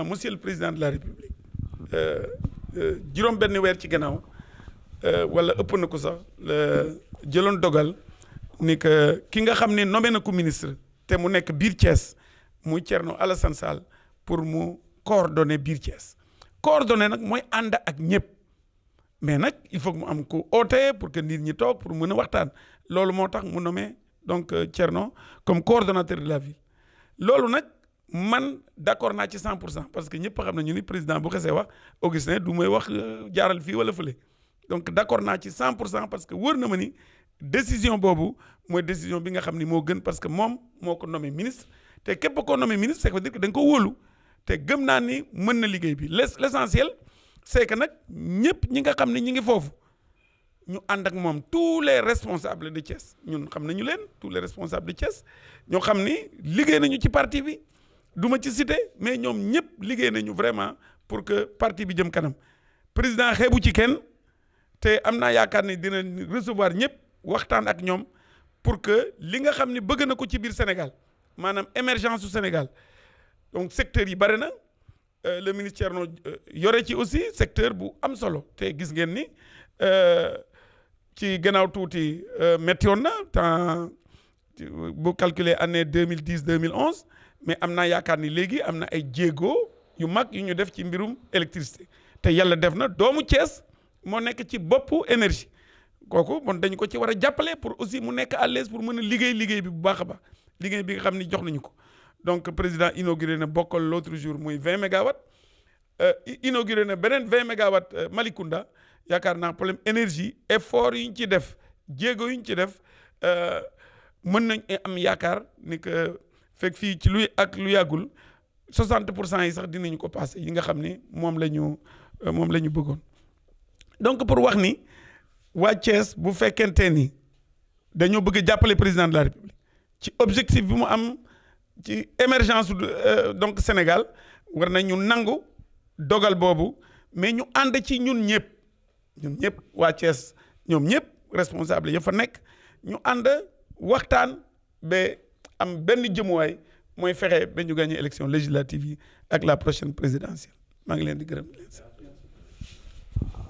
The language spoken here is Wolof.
précisément monsieur le président de la république euh, euh, juróom benn weer ci gannaaw euh, wala ëpp na ko sax jëloon dogal ni que ki nga xam ne nommé na ko ministre te mu nekk biir Thiès muy Thierno Alassane Sall pour mu coordonner biir Thiès coordonner nag mooy ànd ak ñëpp mais nag il faut mu am ko oote pour que nit ñi toog pour mën a waxtaan loolu moo tax mu nommé donc Thierno comme coordonnateur de la ville loolu nag. man d'accord naa ci 100 pour cent parce que ñëpp xam nañu ni président bu xesee wax Augustin du may wax euh, jaaral fii wala fële donc d'accord naa ci 100 pour cent parce que wër na ma ni décision boobu mooy décision bi nga xam ni moo gën parce que moom moo ko nommé ministre te képp koo nommé ministre c'est cest dire que da ko wóolu te gëm naa ni mën na liggéey bi l'essentiel c'est que nag ñëpp ñi nga xam ni ñi ngi foofu ñu ànd ak moom tous les responsables de Thiès ñun xam nañu leen tous les responsables ñoo xam ni liggéey nañu ci parti bi. du ma ci cité mais ñoom ñëpp liggéey nañu vraiment pour que partie bi jëm kanam président xeebu ci kenn te am naa yaakaar ni dina recevoir ñëpp waxtaan ak ñoom pour que li nga xam ni bëgg na ko ci biir Sénégal maanaam émergence su Sénégal donc secteur yi bare na euh, le ministère noo euh, yore ci aussi secteur bu am solo te gis ngeen ni euh, ci gannaaw tuuti méttiwoon na temps bu calculer année mille 2011 mais am naa yaakaar ni léegi am na ay jéego yu mag yu ñu def ci mbirum électricité te yàlla def na doomu cees moo nekk ci boppu énergie kooku bon dañ ko ci war a jàppale pour aussi mu nekk à l'aise pour mën a liggéey liggéey bi bu baax a baax liggéey bi nga xam ni jox nañu ko donc président inauguré na bokkal l'autre jour muy 20 mégawatts euh, inauguré na beneen 20 mégawat euh, Malicounda yaakaar naa problème énergie effort yi ñu ci def jéego yu ñu ci def euh, mën nañ am yaakaar ni fekk fii ci lu ak lu yàggul 60 pour cent yi sax dinañu ko passé yi nga xam ni moom la ñu euh, moom la ñu bëggoon donc pour wax ni waa Thiès bu fekkente ni dañoo bëgg jàppale président de la république ci objectif bi mu am ci émergence euh, donc Sénégal war na ñu nangu dogal boobu mais ñu ànd ci ñun ñëpp ñun ñëpp waa ñoom ñëpp responsable ya fa nekk ñu ànd waxtaan ba. am benn jëmuwaay mooy fexe ba ñu gagné élection législative yi ak la prochaine présidentielle maa ngi leen di gërëm leen